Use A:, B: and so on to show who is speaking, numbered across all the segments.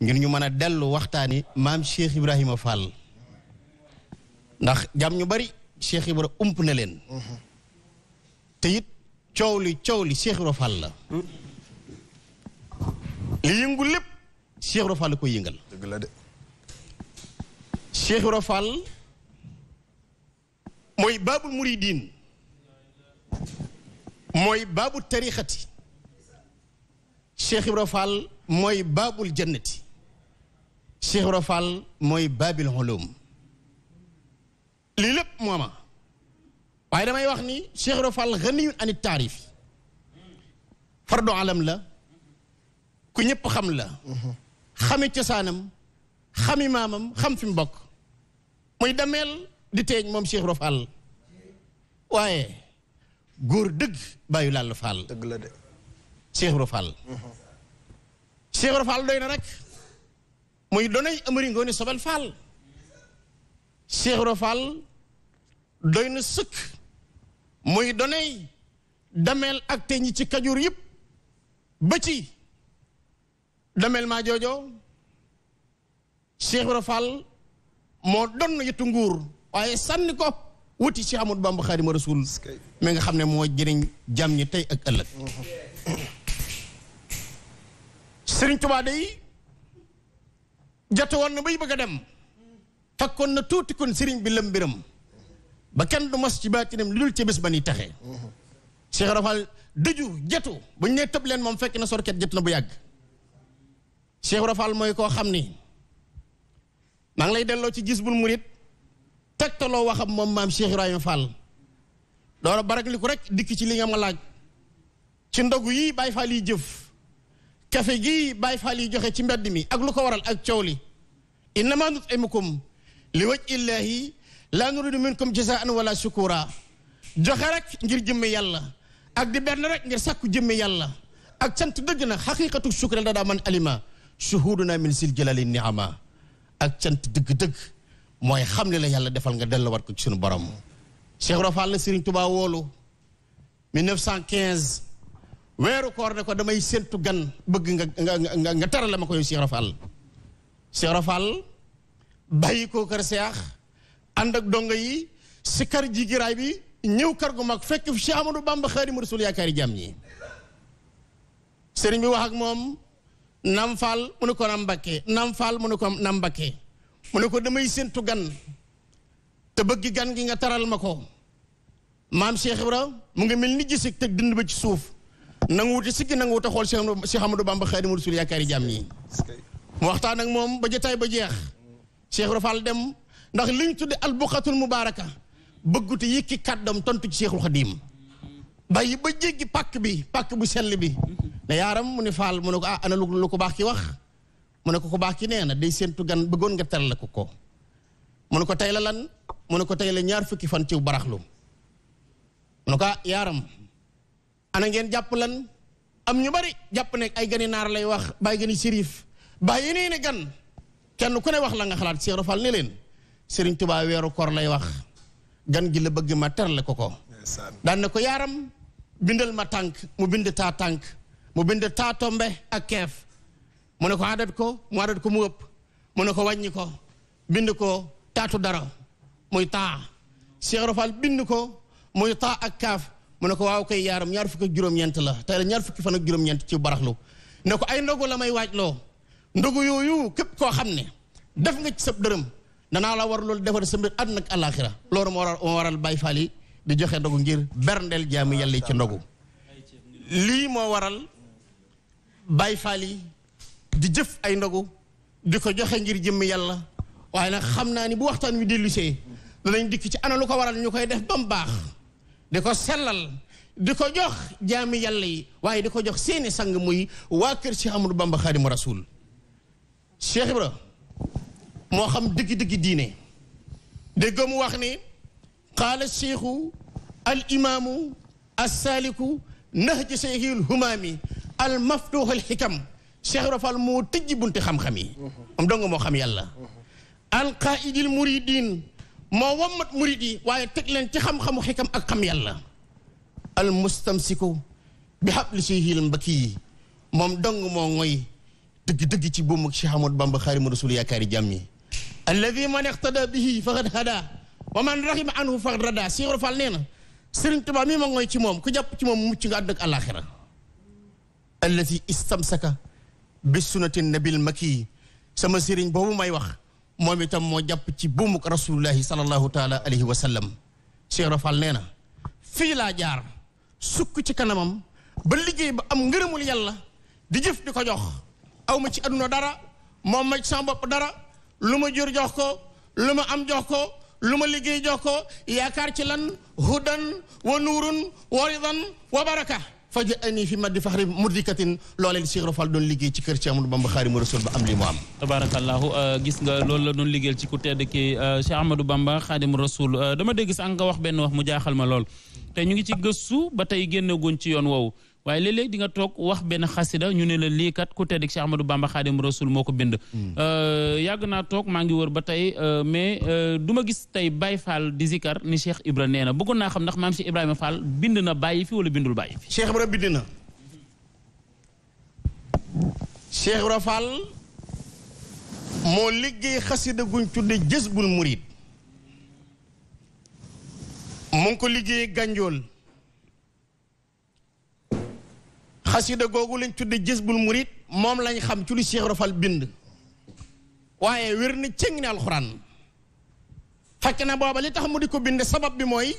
A: ngir ñu mën a dellu waxtaani maam Cheikh Ibrahima Fall ndax jàmm ñu bari Cheikh Ibra ump na leen te it coow li coow li Cheikh Ibra Fall la li yëngu lépp Cheikh Ibra Fall la koy yëngal dëgg la de mooy baabul muridiin mooy baabu tarixati Cheikh Ibra Fall mooy baabul jannati Cheikh Ibra Fall mooy babil ulum lii lépp mooma waaye damay wax ni Cheikh Ibra Fall ghaniyun ani taarif fardu alam la ku ñëpp xam la xami cosaanam xami maamam xam fi mu bokk muy dameel di teeñ moom Cheikh Ibra Fall waaye góor dëgg bàyyu làll Fall dëgg la de Cheikh Ibra Fall Cheikh Ibra Fall doy na rek muy donay Amari Ngoone Sobel Fall Cheikh Ibra Fall doy na sëkk muy donay dameel ak te ñi ci Kajoor yëpp ba ci dameel maa joojo Cheikh Ibra Fall moo donn yetu nguur waaye sànni ko wuti ci Ahmadu Bamba Xaadimu Rasuul mi nga xam ne moo jëriñ jàmm ñi tey ak ëllëg mm-hmm. Sëriñ Tuubaa day jote woon na bay bëgg a dem takkoon na tuuti kon sëriñ bi lëm biram ba kenn du mos ci baatinam li dul ci ba ni taxee Cheikh Rafal dëju jatu bu ñu nee tëb leen moom fekk na sorket jot na bu yàgg Cheikh Rafal mooy koo xam ni maa ngi lay delloo ci gis bul murit tegtaloo waxam moom maam Cheikh Ibrahima Fall door a barak li ko rek dikk ci li nga ma laaj ci ndogu yi Baay Faal yi jëf café gii joxe ci mbedd mi ak lu ko waral ak coow li innama nut'imukum li wajhi llaahi laa nuriidu minkum jazaa'an wala shukura joxe rek ngir jëmmi yàlla ak di benn rek ngir sàkku jëmmi yàlla ak cant dëgg na xaqiqatu shukri da daa man alima shuhuduna min sil jalali niama ak cant dëgg-dëgg mooy xam ne la yàlla defal nga delluwaat ko ci suñu borom Cheikh Rafal la Serigne Touba woolu weeru koor ne ko damay séntu gan bëgg nga nga nga terale ma ko yow Cheikh Rafal Cheikh Rafal bàyyi ko kër seex ànd ak dongo yi si kar ji bi ñëw kar gu mag fekk fi Cheikh Amadou Bamba Xaadimu Rasuul yaakaari jàmm ñi sëriñ bi wax moom nam faal mu ne ko nam mbakke nam mu ne ko nam mu ne ko damay séntu gan te bëgg gan gi nga taral ma ko maam Cheikh Ibra mu ngi mel ni gis ak teg dënd ba ci suuf nangu wuti sikki nangu wuti xool Cheikh Amadou Bamba Xaadimu Rasuul yaakaari jàmm yi mu waxtaan ak moom ba jotaay ba jeex Cheikh Rafal dem ndax li liñ tudde albuqatul mubaaraka bëggut yëkki kàddam tontu ci Cheikhul Xadim bàyyi ba jéggi pàkk bi pàkk bu sell bi ne yaaram mu ne Fall mu ne ko ah ana lu ko baax ki wax mu ne ko ko baax ki nee na day séentu gan bëggoon nga la ko ko mu ne ko tey la lan mu ne ko tey la ñaar fukki fan ci baraxlu mu ne ko ah ana ngeen jàpp lan am ñu bari jàpp ne ay gani naar lay wax bàyyi gani sirif ba nee ne gan kenn ku ne wax la nga xalaat Cheikh Rafal ne leen Serigne Touba weeru koor lay wax gan gi la bëgg ma terle ko ko daan na ko yaram bindal ma tànk mu bind ta tànk mu bind taa tombe ak keef mu ne ko adat ko mu adat ko mu ëpp mu ne ko wàññi ko bind ko taatu dara muy taa Cheikh Rafal bind ko muy taa ak kaaf mu ne ko waaw koy yaaram ñaar fukk ak juróom la tey ñaar fukki fan ak juróom-ñeent ci baraxlu ne ko ay ndogu la may waaj loo ndogu yooyu képp koo xam ne def nga ci sab dërëm danaa la war loolu defar sa mbir àdduna ak àllaaxira loolu moo waral moo waral Baay Faal yi di joxe ndogu ngir berndeel jaamu yàlla yi ci ndogu lii moo waral Baay Faal di jëf ay ndogu di ko joxe ngir jëmm yàlla waaye nag xam naa ni bu waxtaan wi dellusee danañ dikk ci ana lu ko waral ñu koy def ba mu baax di ko sellal di ko jox jaami yàlla yi waaye di ko jox seeni sang muy waa kër Cheikh Amadou Bamba Xaadimu Rasuul Cheikh moo xam dëggi-dëggi diine dégg mu wax ni qaala cheikhu al imaamu nahji cheikhil humaami al maftuux al xikam Cheikh Ibra moo tëjji bunti xam-xam yi moom dong moo xam yàlla al qaidil moo wammat murit yi waaye teg leen ci xam-xamu xikam ak xam yàlla al mustamsiku bi xabli sihil mbakki yi moom dong moo ngoy dëgg ci buum ak Cheikh Ahmadou Bamba xaadimu rasul yaakaari jàmm yi alladi man iqtada bihi faqad hada wa man rahima anhu faqad rada Cheikh Fall nee na Sëriñ Tuubaa mii ma ngoy ci moom ku jàpp ci moom mucc nga àdduna ak àllaaxira alladi istamsaka bi sunnati nabil makki sama sëriñ boobu may wax moom itam moo jàpp ci buumuk rasulullahi sallallahu taala alayhi wa sallam Cheikh nee na fii laa jaar sukk ci kanamam ba liggéey ba am ngërëmul yàlla di jëf di ko jox aw ma ci aduna dara moo ma ci bopp dara lu ma jur jox ko lu ma am jox ko lu ma liggéey jox ko yaakaar ci lan hudan wa nuurun wa wa baraka faja ani fi maddi faxri murdikatin loolee Cheikh Rofal doon liggéey ci kër ci Amadou Bamba Xaadimu Rasuul ba am li mu am tabaarakallaahu euh, gis nga loolu la doon liggéeyal ci ku tedd ki euh, Cheikh Amadou Bamba Xaadimu Rasuul euh, dama dégg sànq nga wax benn wax mu jaaxal ma lool te ñu ngi ci gëstu ba tey génneguñ ci yoon woowu waaye léeg-léeg di nga toog wax benn xasida ñu ne la lii kat ku tedd ma du Bamba Xaadim Rasul moo ko bind. Hmm. Euh, yàgg naa toog maa ngi wër ba tey euh, mais euh, du ma gis tey Baye Fall di zikar ni Cheikh Ibra nee na bëggoon naa xam ndax maam Cheikh Ibrahima Fall bind na bàyyi fi wala bindul bàyyi fi. Cheikh Ibra bind na. Cheikh Ibra Fall moo liggéey xasida guñ tudde Jazbul Murid mu ngi ko liggéey Ganjool. xasida googu lañ tudde jësbul murit moom lañ xam ci lu Cheikh Rafal bind waaye wér na cëng ne alxuraan fekk na li tax mu di ko bind sabab bi mooy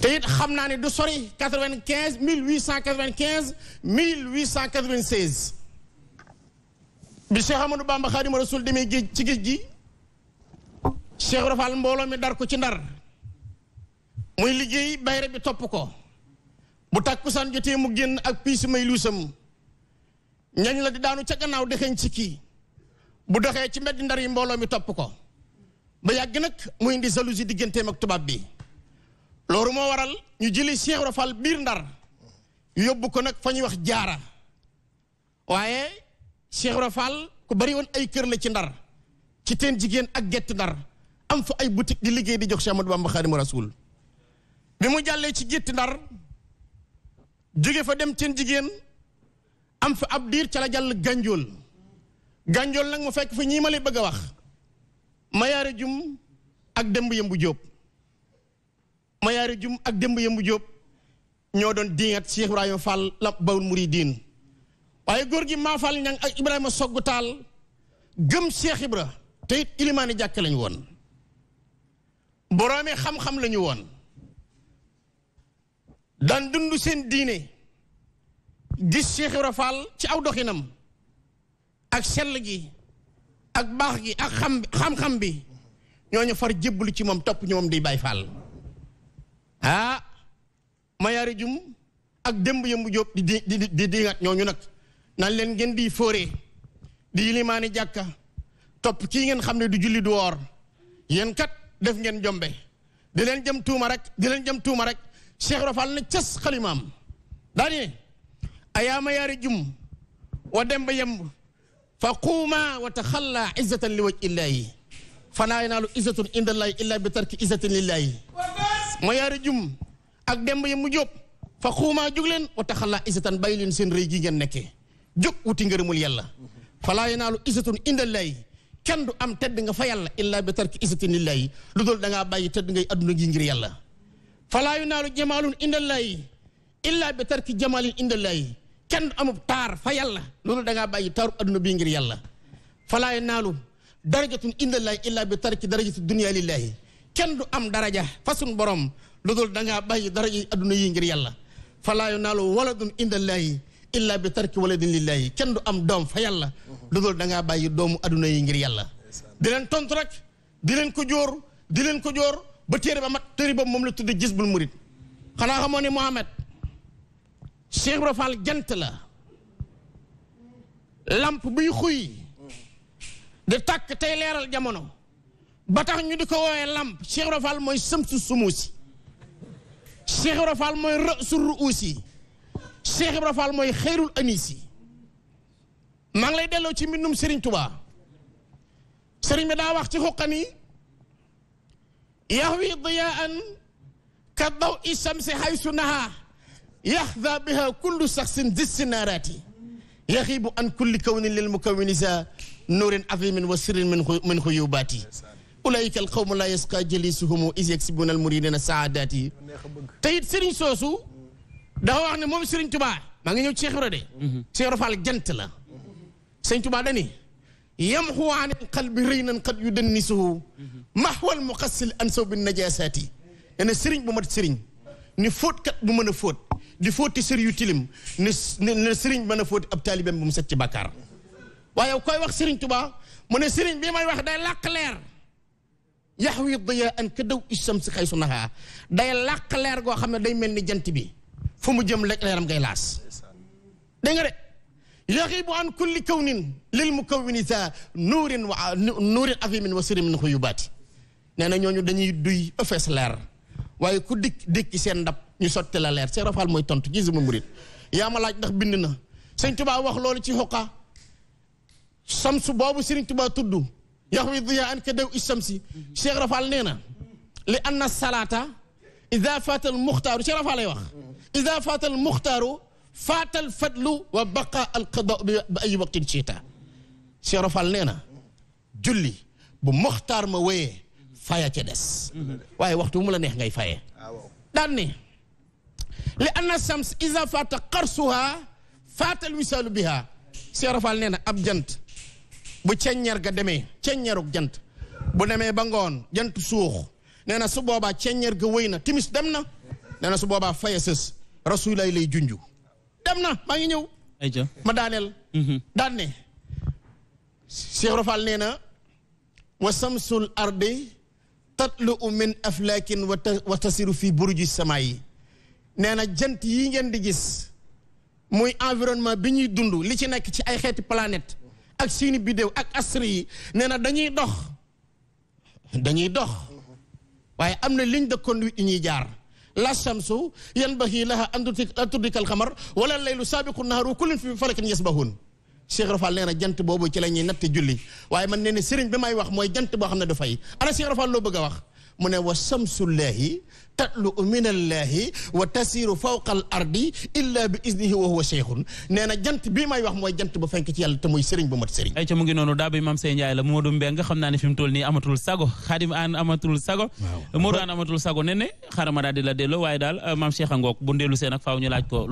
A: te it xam naa ne du sori quatre-vingt-quinze mille huit cent quatre-vingt-quinze mille huit cent quatre-vingt-seize bi Cheikh Amadou géej ci géej gi Cheikh Rafal mbooloo mi dar ko ci ndar muy liggéey bayre bi topp ko bu tàkkusaan jotee mu génn ak piis may luusam ñañ la di daanu ca gannaaw dexeñ ci kii bu doxee ci mbedd ndar yi mbooloo mi topp ko ba yàgg nag mu indi jalousie digganteem ak tubaab bi loolu moo waral ñu jëli Cheikh Ibra biir ndar yóbbu ko nag fa ñuy wax jaara waaye Cheikh ku bari woon ay kër la ci ndar ci teen jigéen ak gett ndar am fa ay boutique di liggéey di jox Cheikh Ahmadou Bamba Khadimu Rasul bi mu jàllee ci gétti ndar jóge fa dem ceen jigéen am fa ab diir ca la jàll gànjool gànjool nag mu fekk fa ñii ma lay bëgg a wax mayaari jum ak demb yëmbu jóob mayaari jum ak demb yëmbu jóob ñoo doon diingat Cheikh Ibrahima Fall la bawul muridiin waaye góor gi maa Fall ñang ak Ibrahima soggu taal gëm Cheikh Ibra te it ilimaani jàkk lañu woon boroomi xam-xam lañu woon daan dund seen diine gis Cheikh Ibra ci aw doxinam ak sell gi ak baax gi ak xam xam-xam bi ñooñu far jébbalu ci moom topp ñu moom di Baay Fall ah mayaari jum ak dëmb yëmbu jóob di di di di dingat ñooñu nag nan leen ngeen di fóore di maani jàkka topp ki ngeen xam ne du julli du woor yéen def ngeen jombe di leen jëm tuuma rek di leen jëm tuuma rek Cheikh Rafal na cës xalimaam daa ne ayaama yaari jum wa dem ba yem fa quuma wa taxalla izzatan li waj illaahi fanaa yanaalu izzatun indallaahi illaa bi tarki izzatin lillaahi ma yaari jum ak demb ba yem mu jóg fa xuumaa jóg leen wa taxalla izzatan bàyyi leen seen rëy gi ngeen nekkee jóg wuti ngërëmul yàlla falaa yanaalu izzatun indallaahi kenn du am tedd nga fa yàlla illaa bi tarki izzatin lillaahi lu dul da ngaa bàyyi tedd ngay adduna gi ngir yàlla falaa yunaalu jamaalun indallaahi illaa bi tarki jamaalin indallaahi kenn amub taar fa yàlla loolu da ngaa bàyyi taaru adduna bii ngir yàlla falaa yunaalu darajatun indallaahi illaa bi tarki darajati dunya lillaahi kenn du am daraja fa sun borom loolu da ngaa bàyyi daraja yi yi ngir yàlla falaa yunaalu waladun indallaahi illaa bi tarki waladin lillaahi kenn du am doom fa yàlla loolu da ngaa bàyyi doomu adduna yi ngir yàlla di tontu rek di leen ko ba téere ba mat téere ba moom la tudde Jisbul Murid xanaa xamoo ne Mohamed Cheikh Ibra Fall jant la lamp buy xuy di takk tey leeral jamono ba tax ñu di ko woowee lamp Cheikh Ibra mooy sëmsu sumuusi Cheikh Ibra mooy rësu ruusi Cheikh Ibra mooy xeyrul anisi maa ngi lay delloo ci mbindum Serigne Touba Serigne bi daa wax ci xuqani yaxwi diyaan ka daw i shamsi haysu naha yaxda biha kullu saxsin dissi naaraati yaxiibu an kulli kawnin lil mukawini sa nuurin azimin wa sirrin min min xuyubaati ulaika alqawmu la yasqa jalisuhumu is yaksibuna almuridina saadaati te it sëriñ soosu dafa wax ne moom sëriñ tubaa maa ngi ñëw Cheikh Ibra de Cheikh Ibra Fall jant la sëriñ tubaa dani yamxu an alqalbi reynan qad yudannisuhu mahwal muqassil ansaw bi najaasaati nee na sëriñ bu mat sëriñ ni kat bu mën a fóot di fóoti sër yu tilim ne ne sëriñ mën a fóoti ab taalibeem bu mu set ci bàkkaar waaye koy wax sëriñ Tuubaa mu ne sëriñ bi may wax day làq leer yaxwi diyaa an ka daw isam si xay su naxaa day làq leer goo xam ne day mel ni jant bi fu mu jëm lekk leeram ngay laas yaxibu an kulli kawnin lil mukawini sa nuurin wa nuurin afimin wa sirin nee na ñooñu dañuy duy ëffees leer waaye ku dikk dikk seen ndab ñu sotti la leer Cheikh Rafal mooy tontu ci sama yaa ma laaj ndax bind na sëñ Tuubaa wax lool ci xoqa samsu boobu sëriñ Tuubaa tudd yax wi diyaa an ka dew is samsi Cheikh Rafal nee na li anna salaata ida fatal muxtaaru Cheikh Rafal lay wax ida fatal muxtaaru faatal fadlu wa baqa alqada bi ay waqtin siita serofal nee na julli bu moxtaar ma woye faya ca des waaye waxtu bu mu la neex ngay faye daan ni li anna shams isa faata xarsuha faatal wisaalu biha serofal nee na ab jant bu ceññeer ga demee ceññeeruk jant bu demee ba ngoon jant suux nee na su boobaa ceññeer ga wéy na timis dem na nee na su boobaa faye sës lay junju dem na maa ngi ñëw. ayca ma daaneel. Mm-hmm. daan ne. Cheikh Rofal nee na. wa samsul ardi tatlu min aflakin wa tasiru fi buruji samaa yi nee na jant yi ngeen di gis muy environnement bi ñuy dund li ci nekk ci ay xeeti planète ak seeni bidéew ak astri yi nee na dañuy dox dañuy dox waaye am na ligne de conduite yi ñuy jaar la shamsu yanbahi laha an tudrikal qamar wala laylu saabiqu naaru kullun fi falakin yasbahun Cheikh Rafal nee na jant boobu ci la ñuy natt julli waaye man nee na sëriñ bi may wax mooy jant boo xam ne du fay ana Cheikh Rafal loo bëgg wax mu ne wa shamsullahi tatlu minallahi wa tasiru fawqa al ardi illa bi iznihi wa huwa cheikhun nee na jant bi may wax mooy jant ba fenk ci yàlla te muy sëriñ bu mat sëriñ ay ca mu ngi noonu daa bi mam sey Ndiaye la Modou Mbeng nga xam naa ne fi mu toll nii amatul sago xaadim aan amatul sago Modou aan amatul sago ne ne xaaral ma daal di la waaye daal maam Cheikh a ngoog bu ndeelu seen ak faaw ñu laaj ko